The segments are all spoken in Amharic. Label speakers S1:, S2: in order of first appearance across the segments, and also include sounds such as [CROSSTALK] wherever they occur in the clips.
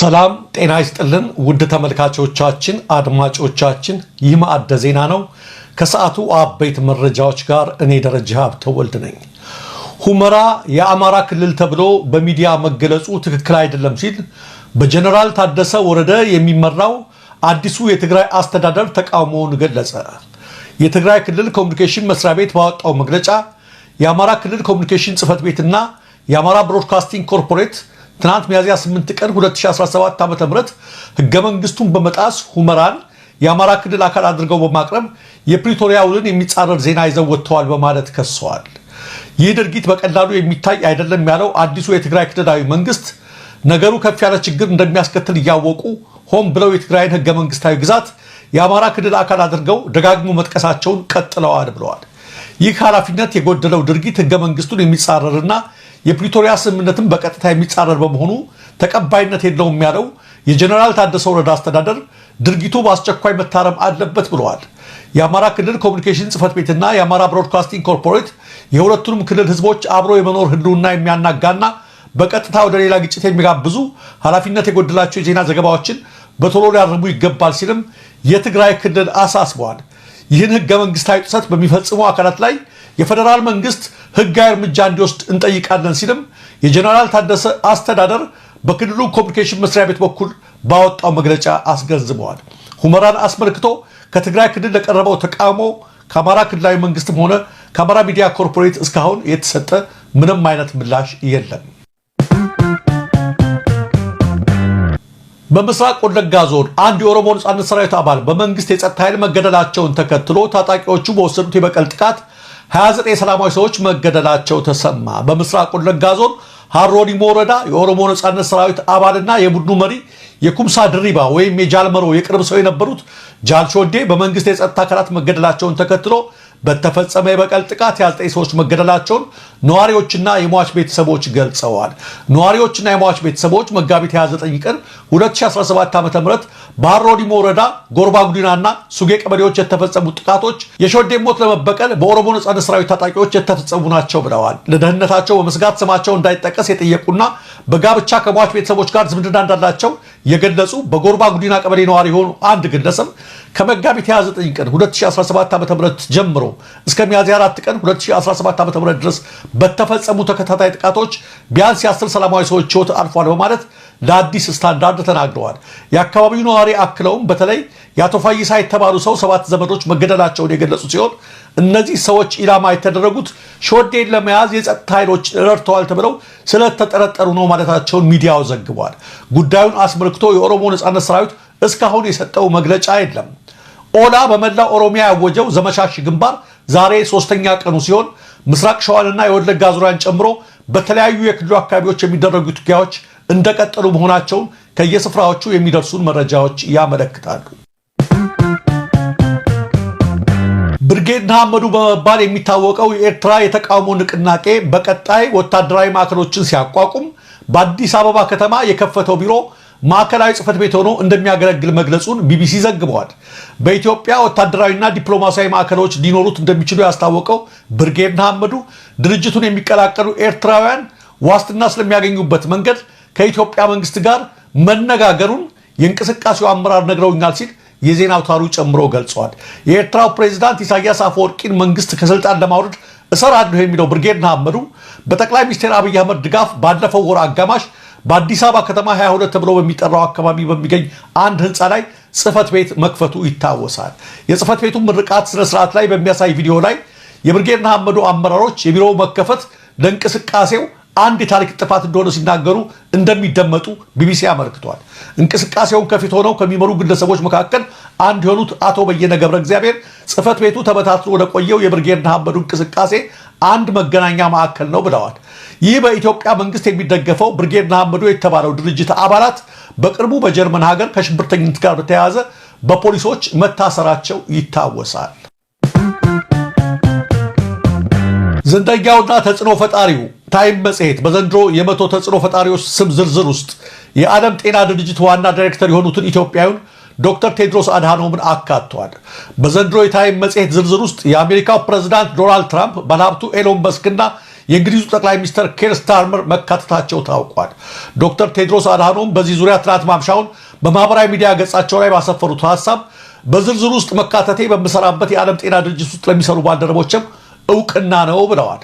S1: ሰላም ጤና ይስጥልን ውድ ተመልካቾቻችን፣ አድማጮቻችን፣ ይህ ማዕደ ዜና ነው። ከሰዓቱ አበይት መረጃዎች ጋር እኔ ደረጀ ሀብተወልድ ነኝ። ሁመራ የአማራ ክልል ተብሎ በሚዲያ መገለጹ ትክክል አይደለም ሲል በጀኔራል ታደሰ ወረደ የሚመራው አዲሱ የትግራይ አስተዳደር ተቃውሞውን ገለጸ። የትግራይ ክልል ኮሚኒኬሽን መስሪያ ቤት ባወጣው መግለጫ የአማራ ክልል ኮሚኒኬሽን ጽህፈት ቤትና የአማራ ብሮድካስቲንግ ኮርፖሬት ትናንት ሚያዝያ 8 ቀን 2017 .ም ህገ መንግስቱን በመጣስ ሁመራን የአማራ ክልል አካል አድርገው በማቅረብ የፕሪቶሪያ ውልን የሚጻረር ዜና ይዘው ወጥተዋል በማለት ከሰዋል። ይህ ድርጊት በቀላሉ የሚታይ አይደለም ያለው አዲሱ የትግራይ ክልላዊ መንግስት ነገሩ ከፍ ያለ ችግር እንደሚያስከትል እያወቁ ሆን ብለው የትግራይን ህገ መንግስታዊ ግዛት የአማራ ክልል አካል አድርገው ደጋግሞ መጥቀሳቸውን ቀጥለዋል ብለዋል። ይህ ኃላፊነት የጎደለው ድርጊት ህገ መንግስቱን የሚጻረርና የፕሪቶሪያ ስምምነትን በቀጥታ የሚጻረር በመሆኑ ተቀባይነት የለውም ያለው የጀኔራል ታደሰ ወረዳ አስተዳደር ድርጊቱ በአስቸኳይ መታረም አለበት ብለዋል። የአማራ ክልል ኮሚኒኬሽን ጽህፈት ቤትና የአማራ ብሮድካስቲንግ ኮርፖሬት የሁለቱንም ክልል ህዝቦች አብሮ የመኖር ህልውና የሚያናጋና በቀጥታ ወደ ሌላ ግጭት የሚጋብዙ ኃላፊነት የጎደላቸው የዜና ዘገባዎችን በቶሎ ሊያርሙ ይገባል ሲልም የትግራይ ክልል አሳስበዋል። ይህን ህገ መንግስታዊ ጥሰት በሚፈጽሙ አካላት ላይ የፌዴራል መንግስት ህጋዊ እርምጃ እንዲወስድ እንጠይቃለን ሲልም የጀኔራል ታደሰ አስተዳደር በክልሉ ኮሚኒኬሽን መስሪያ ቤት በኩል ባወጣው መግለጫ አስገንዝበዋል። ሁመራን አስመልክቶ ከትግራይ ክልል ለቀረበው ተቃውሞ ከአማራ ክልላዊ መንግስትም ሆነ ከአማራ ሚዲያ ኮርፖሬት እስካሁን የተሰጠ ምንም አይነት ምላሽ የለም። በምስራቅ ወለጋ ዞን አንድ የኦሮሞ ነጻነት ሰራዊት አባል በመንግስት የጸጥታ ኃይል መገደላቸውን ተከትሎ ታጣቂዎቹ በወሰዱት የበቀል ጥቃት 29 ሰላማዊ ሰዎች መገደላቸው ተሰማ። በምስራቅ ወለጋ ዞን ሀሮሊሞ ወረዳ የኦሮሞ ነጻነት ሰራዊት አባልና የቡድኑ መሪ የኩምሳ ድሪባ ወይም የጃልመሮ የቅርብ ሰው የነበሩት ጃልሾዴ በመንግስት የጸጥታ አካላት መገደላቸውን ተከትሎ በተፈጸመ የበቀል ጥቃት ያልጠይ ሰዎች መገደላቸውን ነዋሪዎችና የሟች ቤተሰቦች ገልጸዋል። ነዋሪዎችና የሟች ቤተሰቦች መጋቢት 29 ቀን 2017 ዓ ም በአሮዲሞ ወረዳ ጎርባ ጉዲናና ሱጌ ቀበሌዎች የተፈጸሙት ጥቃቶች የሾዴን ሞት ለመበቀል በኦሮሞ ነጻነት ሰራዊት ታጣቂዎች የተፈጸሙ ናቸው ብለዋል። ለደህንነታቸው በመስጋት ስማቸው እንዳይጠቀስ የጠየቁና በጋብቻ ከሟች ቤተሰቦች ጋር ዝምድና እንዳላቸው የገለጹ በጎርባ ጉዲና ቀበሌ ነዋሪ የሆኑ አንድ ግለሰብ ከመጋቢት 29 ቀን 2017 ዓ.ም ጀምሮ እስከ ሚያዝያ 4 ቀን 2017 ም ድረስ በተፈጸሙ ተከታታይ ጥቃቶች ቢያንስ የአስር ሰላማዊ ሰዎች ሕይወት አልፏል በማለት ለአዲስ ስታንዳርድ ተናግረዋል። የአካባቢው ነዋሪ አክለውም በተለይ የአቶ ፋይሳ የተባሉ ሰው ሰባት ዘመዶች መገደላቸውን የገለጹ ሲሆን እነዚህ ሰዎች ኢላማ የተደረጉት ሾዴን ለመያዝ የጸጥታ ኃይሎች ረድተዋል ተብለው ስለተጠረጠሩ ነው ማለታቸውን ሚዲያው ዘግቧል። ጉዳዩን አስመልክቶ የኦሮሞ ነጻነት ሰራዊት እስካሁን የሰጠው መግለጫ የለም። ኦላ በመላ ኦሮሚያ ያወጀው ዘመቻሽ ግንባር ዛሬ ሶስተኛ ቀኑ ሲሆን ምስራቅ ሸዋንና የወለጋ ዙሪያን ጨምሮ በተለያዩ የክልሉ አካባቢዎች የሚደረጉ ውጊያዎች እንደቀጠሉ መሆናቸውን ከየስፍራዎቹ የሚደርሱን መረጃዎች ያመለክታሉ። ብርጌድ ንሓመዱ በመባል የሚታወቀው የኤርትራ የተቃውሞ ንቅናቄ በቀጣይ ወታደራዊ ማዕከሎችን ሲያቋቁም በአዲስ አበባ ከተማ የከፈተው ቢሮ ማዕከላዊ ጽፈት ቤት ሆኖ እንደሚያገለግል መግለጹን ቢቢሲ ዘግበዋል። በኢትዮጵያ ወታደራዊና ዲፕሎማሲያዊ ማዕከሎች ሊኖሩት እንደሚችሉ ያስታወቀው ብርጌድ ንሓመዱ ድርጅቱን የሚቀላቀሉ ኤርትራውያን ዋስትና ስለሚያገኙበት መንገድ ከኢትዮጵያ መንግስት ጋር መነጋገሩን የእንቅስቃሴው አመራር ነግረውኛል ሲል የዜና አውታሩ ጨምሮ ገልጸዋል። የኤርትራው ፕሬዚዳንት ኢሳያስ አፈወርቂን መንግስት ከስልጣን ለማውረድ እሰራለሁ የሚለው ብርጌድ ንሓመዱ በጠቅላይ ሚኒስትር አብይ አህመድ ድጋፍ ባለፈው ወር አጋማሽ በአዲስ አበባ ከተማ 22 ተብሎ በሚጠራው አካባቢ በሚገኝ አንድ ህንፃ ላይ ጽህፈት ቤት መክፈቱ ይታወሳል። የጽህፈት ቤቱ ምርቃት ስነስርዓት ላይ በሚያሳይ ቪዲዮ ላይ የብርጌድ ንሓመዱ አመራሮች የቢሮው መከፈት ለእንቅስቃሴው አንድ የታሪክ ጥፋት እንደሆነ ሲናገሩ እንደሚደመጡ ቢቢሲ አመልክቷል። እንቅስቃሴውን ከፊት ሆነው ከሚመሩ ግለሰቦች መካከል አንድ የሆኑት አቶ በየነ ገብረ እግዚአብሔር ጽህፈት ቤቱ ተበታትኖ ወደቆየው ቆየው የብርጌድ ንሓመዱ እንቅስቃሴ አንድ መገናኛ ማዕከል ነው ብለዋል። ይህ በኢትዮጵያ መንግስት የሚደገፈው ብርጌድ ንሓመዱ የተባለው ድርጅት አባላት በቅርቡ በጀርመን ሀገር ከሽብርተኝነት ጋር በተያያዘ በፖሊሶች መታሰራቸው ይታወሳል። ዘንደኛውና ተጽዕኖ ፈጣሪው ታይም መጽሔት በዘንድሮ የመቶ ተጽዕኖ ፈጣሪዎች ስም ዝርዝር ውስጥ የዓለም ጤና ድርጅት ዋና ዳይሬክተር የሆኑትን ኢትዮጵያዊውን ዶክተር ቴድሮስ አድሃኖምን አካቷል። በዘንድሮ የታይም መጽሔት ዝርዝር ውስጥ የአሜሪካው ፕሬዝዳንት ዶናልድ ትራምፕ፣ ባለሀብቱ ኤሎን መስክና የእንግሊዙ ጠቅላይ ሚኒስትር ኬር ስታርመር መካተታቸው ታውቋል። ዶክተር ቴድሮስ አድሃኖም በዚህ ዙሪያ ትናንት ማምሻውን በማህበራዊ ሚዲያ ገጻቸው ላይ ባሰፈሩት ሀሳብ በዝርዝር ውስጥ መካተቴ በምሰራበት የዓለም ጤና ድርጅት ውስጥ ለሚሰሩ ባልደረቦችም እውቅና ነው ብለዋል።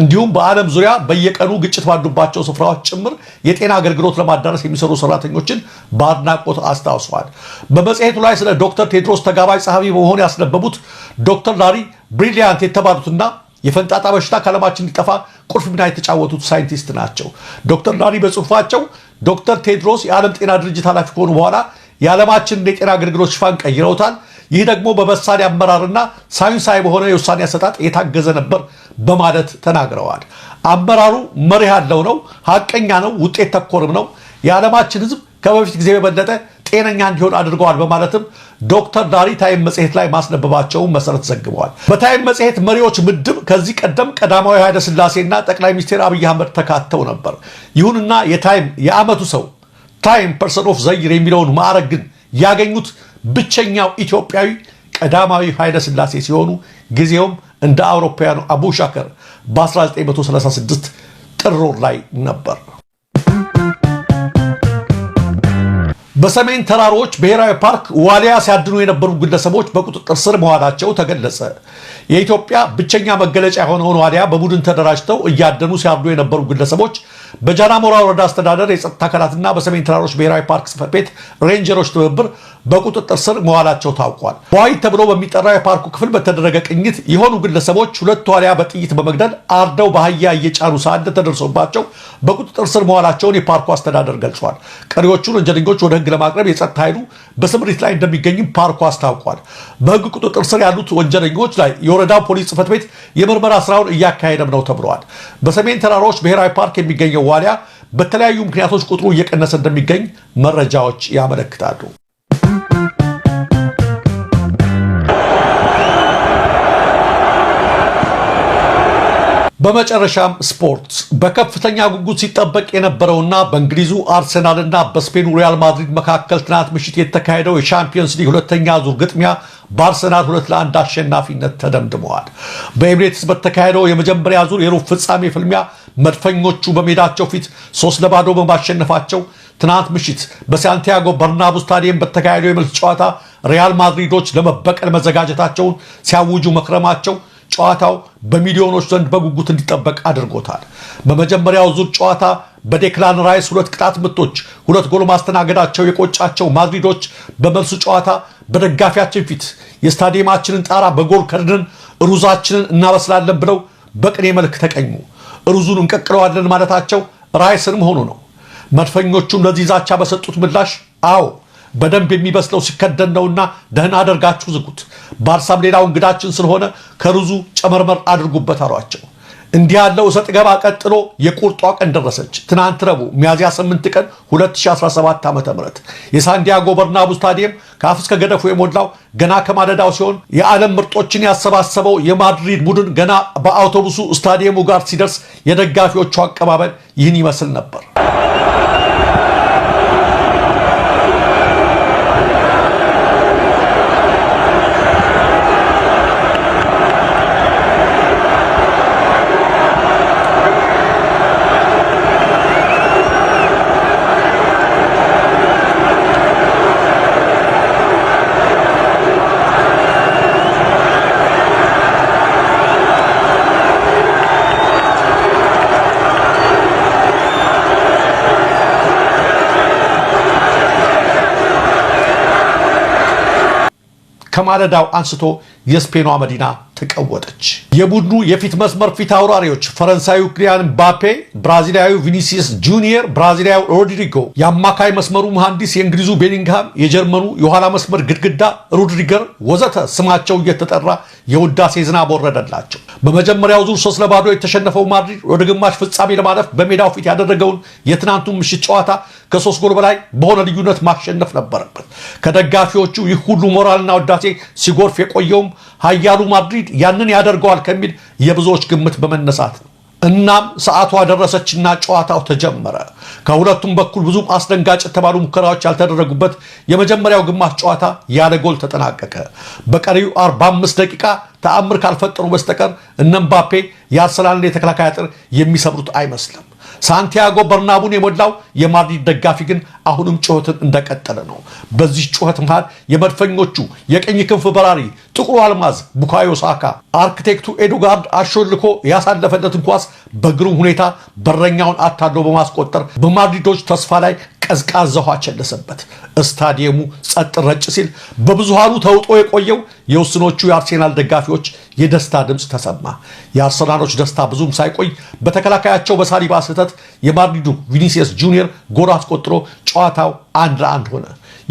S1: እንዲሁም በዓለም ዙሪያ በየቀኑ ግጭት ባሉባቸው ስፍራዎች ጭምር የጤና አገልግሎት ለማዳረስ የሚሰሩ ሰራተኞችን በአድናቆት አስታውሰዋል። በመጽሔቱ ላይ ስለ ዶክተር ቴድሮስ ተጋባዥ ጸሐፊ በመሆን ያስነበቡት ዶክተር ላሪ ብሪሊያንት የተባሉትና የፈንጣጣ በሽታ ከዓለማችን እንዲጠፋ ቁልፍ ሚና የተጫወቱት ሳይንቲስት ናቸው። ዶክተር ላሪ በጽሁፋቸው ዶክተር ቴድሮስ የዓለም ጤና ድርጅት ኃላፊ ከሆኑ በኋላ የዓለማችንን የጤና አገልግሎት ሽፋን ቀይረውታል ይህ ደግሞ በበሳል አመራርና ሳይንሳዊ በሆነ የውሳኔ አሰጣጥ የታገዘ ነበር በማለት ተናግረዋል። አመራሩ መርህ ያለው ነው፣ ሀቀኛ ነው፣ ውጤት ተኮርም ነው። የዓለማችን ህዝብ ከበፊት ጊዜ በበለጠ ጤነኛ እንዲሆን አድርገዋል በማለትም ዶክተር ዳሪ ታይም መጽሔት ላይ ማስነበባቸውን መሰረት ዘግበዋል። በታይም መጽሔት መሪዎች ምድብ ከዚህ ቀደም ቀዳማዊ ኃይለ ሥላሴና ጠቅላይ ሚኒስትር አብይ አህመድ ተካተው ነበር። ይሁንና የታይም የዓመቱ ሰው ታይም ፐርሰን ኦፍ ዘይር የሚለውን ማዕረግ ግን ያገኙት ብቸኛው ኢትዮጵያዊ ቀዳማዊ ኃይለሥላሴ ሲሆኑ ጊዜውም እንደ አውሮፓውያኑ አቡሻከር በ1936 ጥር ላይ ነበር። በሰሜን ተራሮች ብሔራዊ ፓርክ ዋሊያ ሲያድኑ የነበሩ ግለሰቦች በቁጥጥር ስር መዋላቸው ተገለጸ። የኢትዮጵያ ብቸኛ መገለጫ የሆነውን ዋሊያ በቡድን ተደራጅተው እያደኑ ሲያርዱ የነበሩ ግለሰቦች በጃናሞራ ወረዳ አስተዳደር የጸጥታ አካላትና በሰሜን ተራሮች ብሔራዊ ፓርክ ጽፈት ቤት ሬንጀሮች ትብብር በቁጥጥር ስር መዋላቸው ታውቋል። ዋይ ተብሎ በሚጠራው የፓርኩ ክፍል በተደረገ ቅኝት የሆኑ ግለሰቦች ሁለት ዋልያ በጥይት በመግደል አርደው በአህያ እየጫኑ ሳንድ ተደርሶባቸው በቁጥጥር ስር መዋላቸውን የፓርኩ አስተዳደር ገልጿል። ቀሪዎቹን ወንጀለኞች ወደ ህግ ለማቅረብ የጸጥታ ኃይሉ በስምሪት ላይ እንደሚገኝም ፓርኩ አስታውቋል። በህግ ቁጥጥር ስር ያሉት ወንጀለኞች ላይ የወረዳው ፖሊስ ጽፈት ቤት የምርመራ ስራውን እያካሄደም ነው ተብለዋል። በሰሜን ተራሮች ብሔራዊ ፓርክ የሚገኘው ዋልያ በተለያዩ ምክንያቶች ቁጥሩ እየቀነሰ እንደሚገኝ መረጃዎች ያመለክታሉ። በመጨረሻም ስፖርት በከፍተኛ ጉጉት ሲጠበቅ የነበረውና በእንግሊዙ አርሰናልና በስፔኑ ሪያል ማድሪድ መካከል ትናንት ምሽት የተካሄደው የሻምፒየንስ ሊግ ሁለተኛ ዙር ግጥሚያ በአርሰናል ሁለት ለአንድ አሸናፊነት ተደምድመዋል። በኤምሬትስ በተካሄደው የመጀመሪያ ዙር የሩብ ፍጻሜ ፍልሚያ መድፈኞቹ በሜዳቸው ፊት ሶስት ለባዶ በማሸነፋቸው ትናንት ምሽት በሳንቲያጎ በርናቡ ስታዲየም በተካሄደው የመልስ ጨዋታ ሪያል ማድሪዶች ለመበቀል መዘጋጀታቸውን ሲያውጁ መክረማቸው ጨዋታው በሚሊዮኖች ዘንድ በጉጉት እንዲጠበቅ አድርጎታል። በመጀመሪያው ዙር ጨዋታ በዴክላን ራይስ ሁለት ቅጣት ምቶች ሁለት ጎል ማስተናገዳቸው የቆጫቸው ማድሪዶች በመልሱ ጨዋታ በደጋፊያችን ፊት የስታዲየማችንን ጣራ በጎል ከድነን ሩዛችንን እናበስላለን ብለው በቅኔ መልክ ተቀኙ። ሩዙን እንቀቅለዋለን ማለታቸው ራይስንም ሆኑ ነው። መድፈኞቹም ለዚህ ዛቻ በሰጡት ምላሽ አዎ በደንብ የሚበስለው ሲከደን ነውና ደህና አደርጋችሁ ዝጉት። ባርሳም ሌላው እንግዳችን ስለሆነ ከሩዙ ጨመርመር አድርጉበት አሏቸው። እንዲህ ያለው እሰጥ ገባ ቀጥሎ የቁርጧ ቀን ደረሰች። ትናንት ረቡዕ ሚያዝያ 8 ቀን 2017 ዓ ም የሳንዲያጎ በርናቡ ስታዲየም ከአፍ እስከ ገደፉ የሞላው ገና ከማለዳው ሲሆን የዓለም ምርጦችን ያሰባሰበው የማድሪድ ቡድን ገና በአውቶቡሱ ስታዲየሙ ጋር ሲደርስ የደጋፊዎቹ አቀባበል ይህን ይመስል ነበር። ከማለዳው አንስቶ የስፔኗ መዲና ተቀወጠች። የቡድኑ የፊት መስመር ፊት አውራሪዎች ፈረንሳዊ ክሊያን ምባፔ፣ ብራዚላዊ ቪኒሲየስ ጁኒየር፣ ብራዚላዊ ሮድሪጎ፣ የአማካይ መስመሩ መሐንዲስ የእንግሊዙ ቤሊንግሃም፣ የጀርመኑ የኋላ መስመር ግድግዳ ሩድሪገር ወዘተ ስማቸው እየተጠራ የውዳሴ ዝናብ ወረደላቸው። በመጀመሪያው ዙር ሶስት ለባዶ የተሸነፈው ማድሪድ ወደ ግማሽ ፍጻሜ ለማለፍ በሜዳው ፊት ያደረገውን የትናንቱን ምሽት ጨዋታ ከሶስት ጎል በላይ በሆነ ልዩነት ማሸነፍ ነበረበት። ከደጋፊዎቹ ይህ ሁሉ ሞራልና ውዳሴ ሲጎርፍ የቆየውም ኃያሉ ማድሪድ ያንን ያደርገዋል ከሚል የብዙዎች ግምት በመነሳት ነው። እናም ሰዓቷ ደረሰችና ጨዋታው ተጀመረ። ከሁለቱም በኩል ብዙም አስደንጋጭ የተባሉ ሙከራዎች ያልተደረጉበት የመጀመሪያው ግማሽ ጨዋታ ያለ ጎል ተጠናቀቀ። በቀሪው 45 ደቂቃ ተአምር ካልፈጠሩ በስተቀር እነ ምባፔ የአርሰናልን የተከላካይ አጥር የሚሰብሩት አይመስልም። ሳንቲያጎ በርናቡን የሞላው የማድሪድ ደጋፊ ግን አሁንም ጩኸትን እንደቀጠለ ነው። በዚህ ጩኸት መሃል የመድፈኞቹ የቀኝ ክንፍ በራሪ ጥቁሩ አልማዝ ቡካዮ ሳካ አርክቴክቱ ኤዱጋርድ አሾልኮ ያሳለፈለትን ኳስ በግሩም ሁኔታ በረኛውን አታሎ በማስቆጠር በማድሪዶች ተስፋ ላይ ቀዝቃዛ ውሃ ቸለሰበት። ስታዲየሙ ጸጥ ረጭ ሲል በብዙሃኑ ተውጦ የቆየው የውስኖቹ የአርሴናል ደጋፊዎች የደስታ ድምፅ ተሰማ። የአርሰናሎች ደስታ ብዙም ሳይቆይ በተከላካያቸው በሳሊባ ስህተት የማድሪዱ ቪኒሲየስ ጁኒየር ጎል አስቆጥሮ ጨዋታው አንድ ለአንድ ሆነ።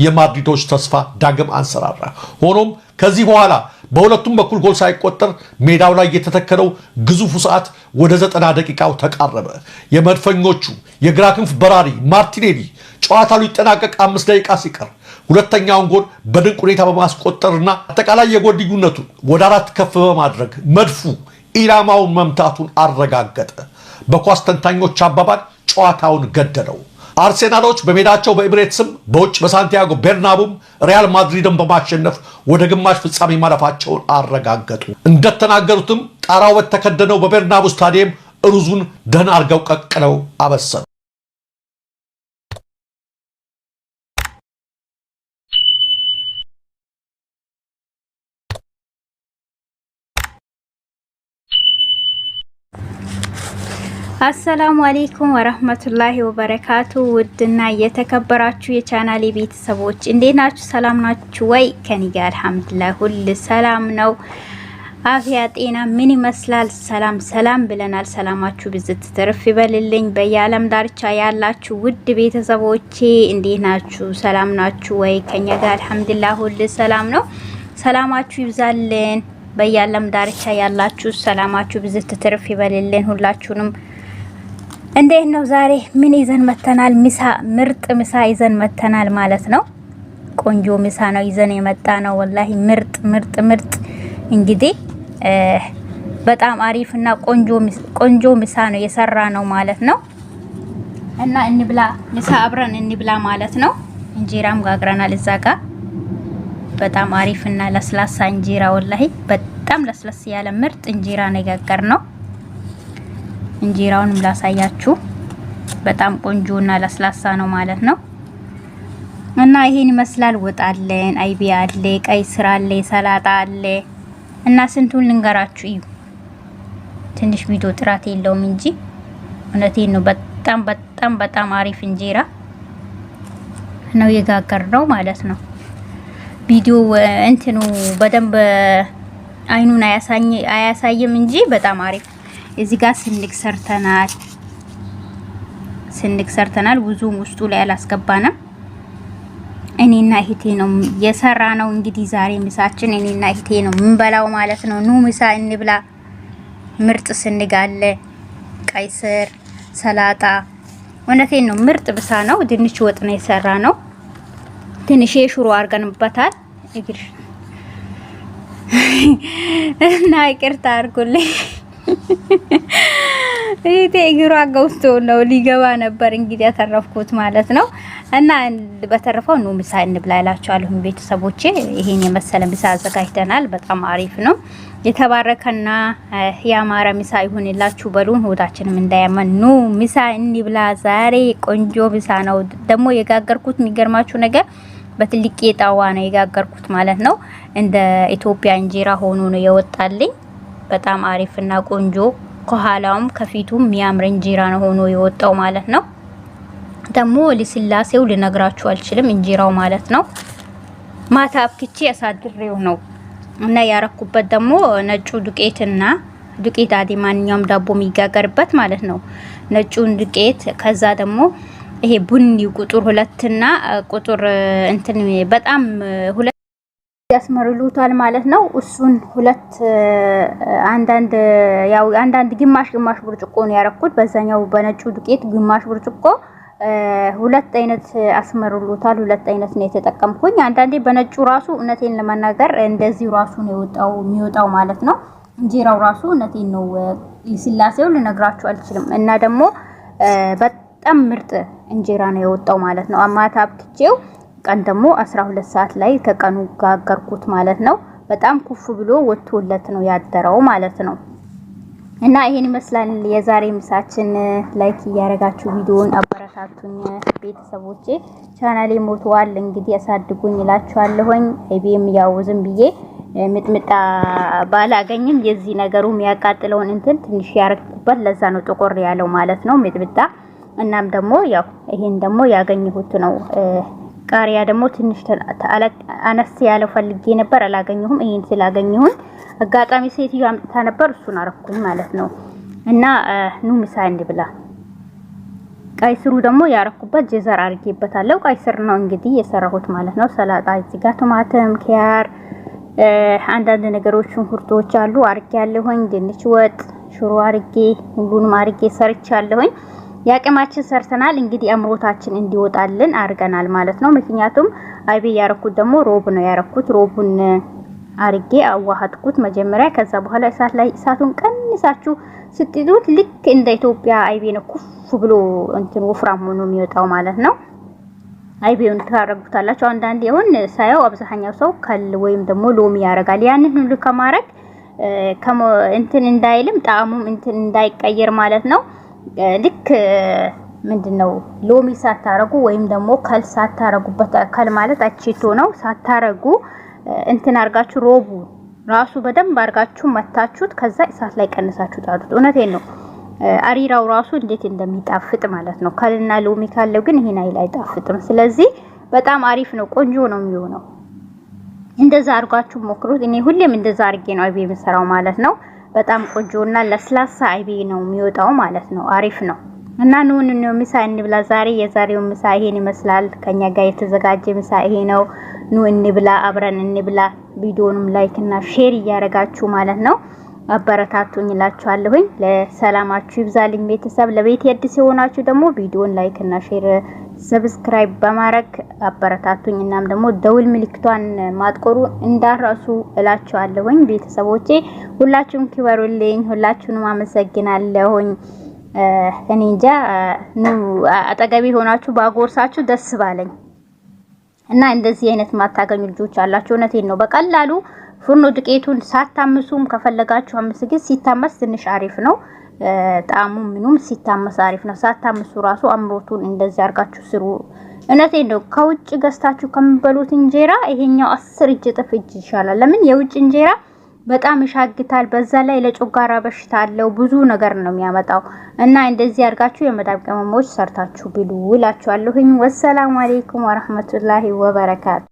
S1: የማድሪዶች ተስፋ ዳግም አንሰራራ። ሆኖም ከዚህ በኋላ በሁለቱም በኩል ጎል ሳይቆጠር ሜዳው ላይ የተተከለው ግዙፉ ሰዓት ወደ ዘጠና ደቂቃው ተቃረበ። የመድፈኞቹ የግራ ክንፍ በራሪ ማርቲኔሊ ጨዋታው ሊጠናቀቅ አምስት ደቂቃ ሲቀር ሁለተኛውን ጎል በድንቅ ሁኔታ በማስቆጠርና አጠቃላይ የጎል ልዩነቱን ወደ አራት ከፍ በማድረግ መድፉ ኢላማውን መምታቱን አረጋገጠ። በኳስ ተንታኞች አባባል ጨዋታውን ገደለው። አርሴናሎች በሜዳቸው በኤምሬትስም በውጭ በሳንቲያጎ ቤርናቡም ሪያል ማድሪድን በማሸነፍ ወደ ግማሽ ፍጻሜ ማለፋቸውን አረጋገጡ። እንደተናገሩትም ጣራው በተከደነው በቤርናቡ ስታዲየም ሩዙን ደህና አድርገው ቀቅለው አበሰሩ።
S2: አሰላሙ አሌይኩም ወረህመቱላሂ ወበረካቱ። ውድና የተከበራችሁ የቻናሌ ቤተሰቦች እንዴት ናችሁ? ሰላም ናችሁ ወይ? ከኔ ጋር አልሐምዱሊላህ ሁል ሰላም ነው። አፍያ ጤና ምን ይመስላል? ሰላም ሰላም ብለናል። ሰላማችሁ ብዝት ትርፍ ይበልልኝ። በየዓለም ዳርቻ ያላችሁ ውድ ቤተሰቦቼ እንዴት ናችሁ? ሰላም ናችሁ ወይ? ከኛ ጋር አልሐምዱሊላህ ሁል ሰላም ነው። ሰላማችሁ ይብዛልን። በየዓለም ዳርቻ ያላችሁ ሰላማችሁ ብዝት ትርፍ ይበልልን። ሁላችሁንም እንዴት ነው ዛሬ ምን ይዘን መተናል? ምሳ ምርጥ ምሳ ይዘን መተናል ማለት ነው። ቆንጆ ምሳ ነው ይዘን የመጣ ነው። ወላሂ ምርጥ ምርጥ ምርጥ እንግዲህ በጣም አሪፍ እና ቆንጆ ምሳ ነው የሰራ ነው ማለት ነው። እና እንብላ ምሳ አብረን እንብላ ማለት ነው። እንጀራም ጋግረናል እዛ ጋር በጣም እና ለስላሳ እንጀራ ወላሂ በጣም ለስለስ ያለ ምርጥ እንጀራ ነው የጋገር ነው። እንጀራውንም ላሳያችሁ። በጣም ቆንጆና ለስላሳ ነው ማለት ነው። እና ይሄን ይመስላል። ወጥ አለን፣ አይቤ አለ፣ ቀይ ስር አለ፣ ሰላጣ አለ። እና ስንቱን ልንገራችሁ እዩ። ትንሽ ቪዲዮ ጥራት የለውም እንጂ እውነቴን ነው። በጣም በጣም በጣም አሪፍ እንጀራ ነው የጋገር ነው ማለት ነው። ቪዲዮ እንትኑ በደንብ አይኑን አያሳይም እንጂ በጣም አሪፍ እዚህ ጋር ስንቅ ሰርተናል። ስንቅ ሰርተናል። ብዙም ውስጡ ላይ አላስገባንም። እኔና እህቴ ነው የሰራ ነው። እንግዲህ ዛሬ ምሳችን እኔና እህቴ ነው ምንበላው ማለት ነው። ኑ ምሳ እንብላ። ምርጥ ስንግ አለ፣ ቀይ ስር፣ ሰላጣ። እውነቴን ነው ምርጥ ብሳ ነው። ድንች ወጥ ነው የሰራ ነው። ትንሽ ሽሮ አድርገንበታል። እግር [LAUGHS] እና ይቅርታ አድርጉልኝ። እህቴ እግሯ ገውስቶ ነው ሊገባ ነበር። እንግዲህ ያተረፍኩት ማለት ነው። እና በተረፈው ኑ ምሳ እንብላ እላችኋለሁ ቤተሰቦቼ። ይሄን የመሰለ ምሳ አዘጋጅተናል። በጣም አሪፍ ነው። የተባረከና ያማረ ምሳ ይሁንላችሁ በሉን። ሆዳችንም እንዳያመን ኑ ምሳ እንብላ። ዛሬ ቆንጆ ምሳ ነው። ደግሞ የጋገርኩት የሚገርማችሁ ነገር በትልቅ ጣዋ ነው የጋገርኩት ማለት ነው። እንደ ኢትዮጵያ እንጀራ ሆኖ ነው የወጣልኝ። በጣም አሪፍና ቆንጆ ከኋላውም ከፊቱ የሚያምር እንጀራ ነው ሆኖ የወጣው ማለት ነው። ደግሞ ልስላሴው ልነግራችሁ አልችልም እንጀራው ማለት ነው። ማታ አብክቼ ያሳድሬው ነው እና ያረኩበት ደግሞ ነጩ ዱቄትና ዱቄት አዴ ማንኛውም ዳቦ የሚጋገርበት ማለት ነው። ነጩን ዱቄት ከዛ ደግሞ ይሄ ቡኒ ቁጥር ሁለትና ቁጥር እንትን በጣም ሁለት ያስመርሉታል ማለት ነው። እሱን ሁለት አንዳንድ ያው አንዳንድ ግማሽ ግማሽ ብርጭቆ ነው ያረኩት። በዛኛው በነጩ ዱቄት ግማሽ ብርጭቆ ሁለት አይነት አስመርሉታል። ሁለት አይነት ነው የተጠቀምኩኝ። አንዳንዴ በነጩ ራሱ እውነቴን ለመናገር እንደዚህ ራሱ ነው የወጣው የሚወጣው ማለት ነው። እንጀራው ራሱ እውነቴን ነው ሲላሴው ልነግራችሁ አልችልም። እና ደግሞ በጣም ምርጥ እንጀራ ነው የወጣው ማለት ነው። አማታ አብክቼው ቀን ደግሞ 12 ሰዓት ላይ ከቀኑ ጋገርኩት ማለት ነው። በጣም ኩፍ ብሎ ወጥቶለት ነው ያደረው ማለት ነው። እና ይሄን ይመስላል የዛሬ ምሳችን። ላይክ እያደረጋችሁ ቪዲዮውን አበረታቱኝ ቤተሰቦቼ። ቻናሌ ሞተዋል እንግዲህ አሳድጉኝ እላችኋለሁኝ። አይቤም ያው ዝም ብዬ ምጥምጣ ባላገኝም የዚህ ነገሩ የሚያቃጥለውን እንትን ትንሽ ያረግኩበት ለዛ ነው ጥቁር ያለው ማለት ነው ምጥምጣ። እናም ደግሞ ያው ይሄን ደግሞ ያገኘሁት ነው ቃሪያ ደግሞ ትንሽ አነስ ያለው ፈልጌ ነበር አላገኘሁም። ይሄን ስላገኘሁኝ አጋጣሚ ሴትዮ አምጥታ ነበር እሱን አረኩኝ ማለት ነው። እና ኑ ምሳ እንብላ። ቀይ ስሩ ደግሞ ያረኩበት ጀዘር አድርጌበታለሁ። ቀይ ስር ነው እንግዲህ የሰራሁት ማለት ነው። ሰላጣ እዚህ ጋር ቲማቲም፣ ኪያር፣ አንዳንድ ነገሮች ሽንኩርቶች አሉ አድርጌ ያለሁኝ። ድንች ወጥ፣ ሽሮ አርጌ ሁሉንም አርጌ ሰርቻለሁኝ። የአቅማችን ሰርተናል። እንግዲህ አምሮታችን እንዲወጣልን አድርገናል ማለት ነው። ምክንያቱም አይቤ ያረኩት ደግሞ ሮብ ነው ያረኩት። ሮቡን አርጌ አዋሃድኩት መጀመሪያ። ከዛ በኋላ እሳት ላይ እሳቱን ቀንሳችሁ ስትይዙት ልክ እንደ ኢትዮጵያ አይቤ ነው ኩፍ ብሎ እንትን ወፍራም ሆኖ የሚወጣው ማለት ነው። አይቤውን ታረጉታላችሁ። አንዳንዴ አሁን ሳየው አብዛኛው ሰው ከል ወይም ደግሞ ሎሚ ያረጋል። ያንን ሁሉ ከማረግ እንትን እንዳይልም ጣዕሙም እንትን እንዳይቀየር ማለት ነው ልክ ምንድን ነው ሎሚ ሳታረጉ ወይም ደግሞ ከል ሳታረጉበት ከል ማለት አቼቶ ነው ሳታረጉ እንትን አርጋችሁ ሮቡ ራሱ በደንብ አርጋችሁ መታችሁት፣ ከዛ እሳት ላይ ቀንሳችሁ ጣሉት። እውነቴን ነው። አሪራው ራሱ እንዴት እንደሚጣፍጥ ማለት ነው። ከልና ሎሚ ካለው ግን ይሄን አይል አይጣፍጥም። ስለዚህ በጣም አሪፍ ነው፣ ቆንጆ ነው የሚሆነው። እንደዛ አርጋችሁ ሞክሩት። እኔ ሁሌም እንደዛ አርጌ ነው አይቤ የምሰራው ማለት ነው። በጣም ቆጆ እና ለስላሳ አይቤ ነው የሚወጣው ማለት ነው። አሪፍ ነው እና ኑን ነው ምሳ እንብላ ዛሬ። የዛሬው ምሳ ይሄን ይመስላል። ከኛ ጋር የተዘጋጀ ምሳ ይሄ ነው። ኑ እንብላ፣ አብረን እንብላ። ቪዲዮንም ላይክ እና ሼር እያደረጋችሁ ማለት ነው አበረታቱኝ እላችኋለሁኝ። ለሰላማችሁ ይብዛልኝ ቤተሰብ። ለቤት አዲስ የሆናችሁ ደግሞ ቪዲዮን ላይክ እና ሼር ሰብስክራይብ በማድረግ አበረታቱኝ። እናም ደግሞ ደውል ምልክቷን ማጥቆሩ እንዳረሱ እላችኋለሁኝ። ቤተሰቦቼ ሁላችሁም ክበሩልኝ። ሁላችሁንም አመሰግናለሁኝ። እኔ እንጃ አጠገቤ ሆናችሁ ባጎርሳችሁ ደስ ባለኝ እና እንደዚህ አይነት ማታገኙ ልጆች አላችሁ። እውነቴን ነው በቀላሉ ፉርኖ ዱቄቱን ሳታምሱም ከፈለጋችሁ አምስ ግን ሲታመስ ትንሽ አሪፍ ነው። ጣሙ ምኑም ሲታመስ አሪፍ ነው። ሳታምሱ ራሱ አምሮቱን እንደዚህ አርጋችሁ ስሩ። እውነቴን ነው። ከውጭ ገዝታችሁ ከምበሉት እንጀራ ይሄኛው አስር እጅ እጥፍ እጅ ይሻላል። ለምን የውጭ እንጀራ በጣም ይሻግታል። በዛ ላይ ለጮጋራ በሽታ አለው። ብዙ ነገር ነው የሚያመጣው እና እንደዚህ አድርጋችሁ የመዳብ ቅመሞች ሰርታችሁ ብሉ እላችኋለሁኝ። ወሰላሙ አሌይኩም ወረህመቱላሂ ወበረካቱ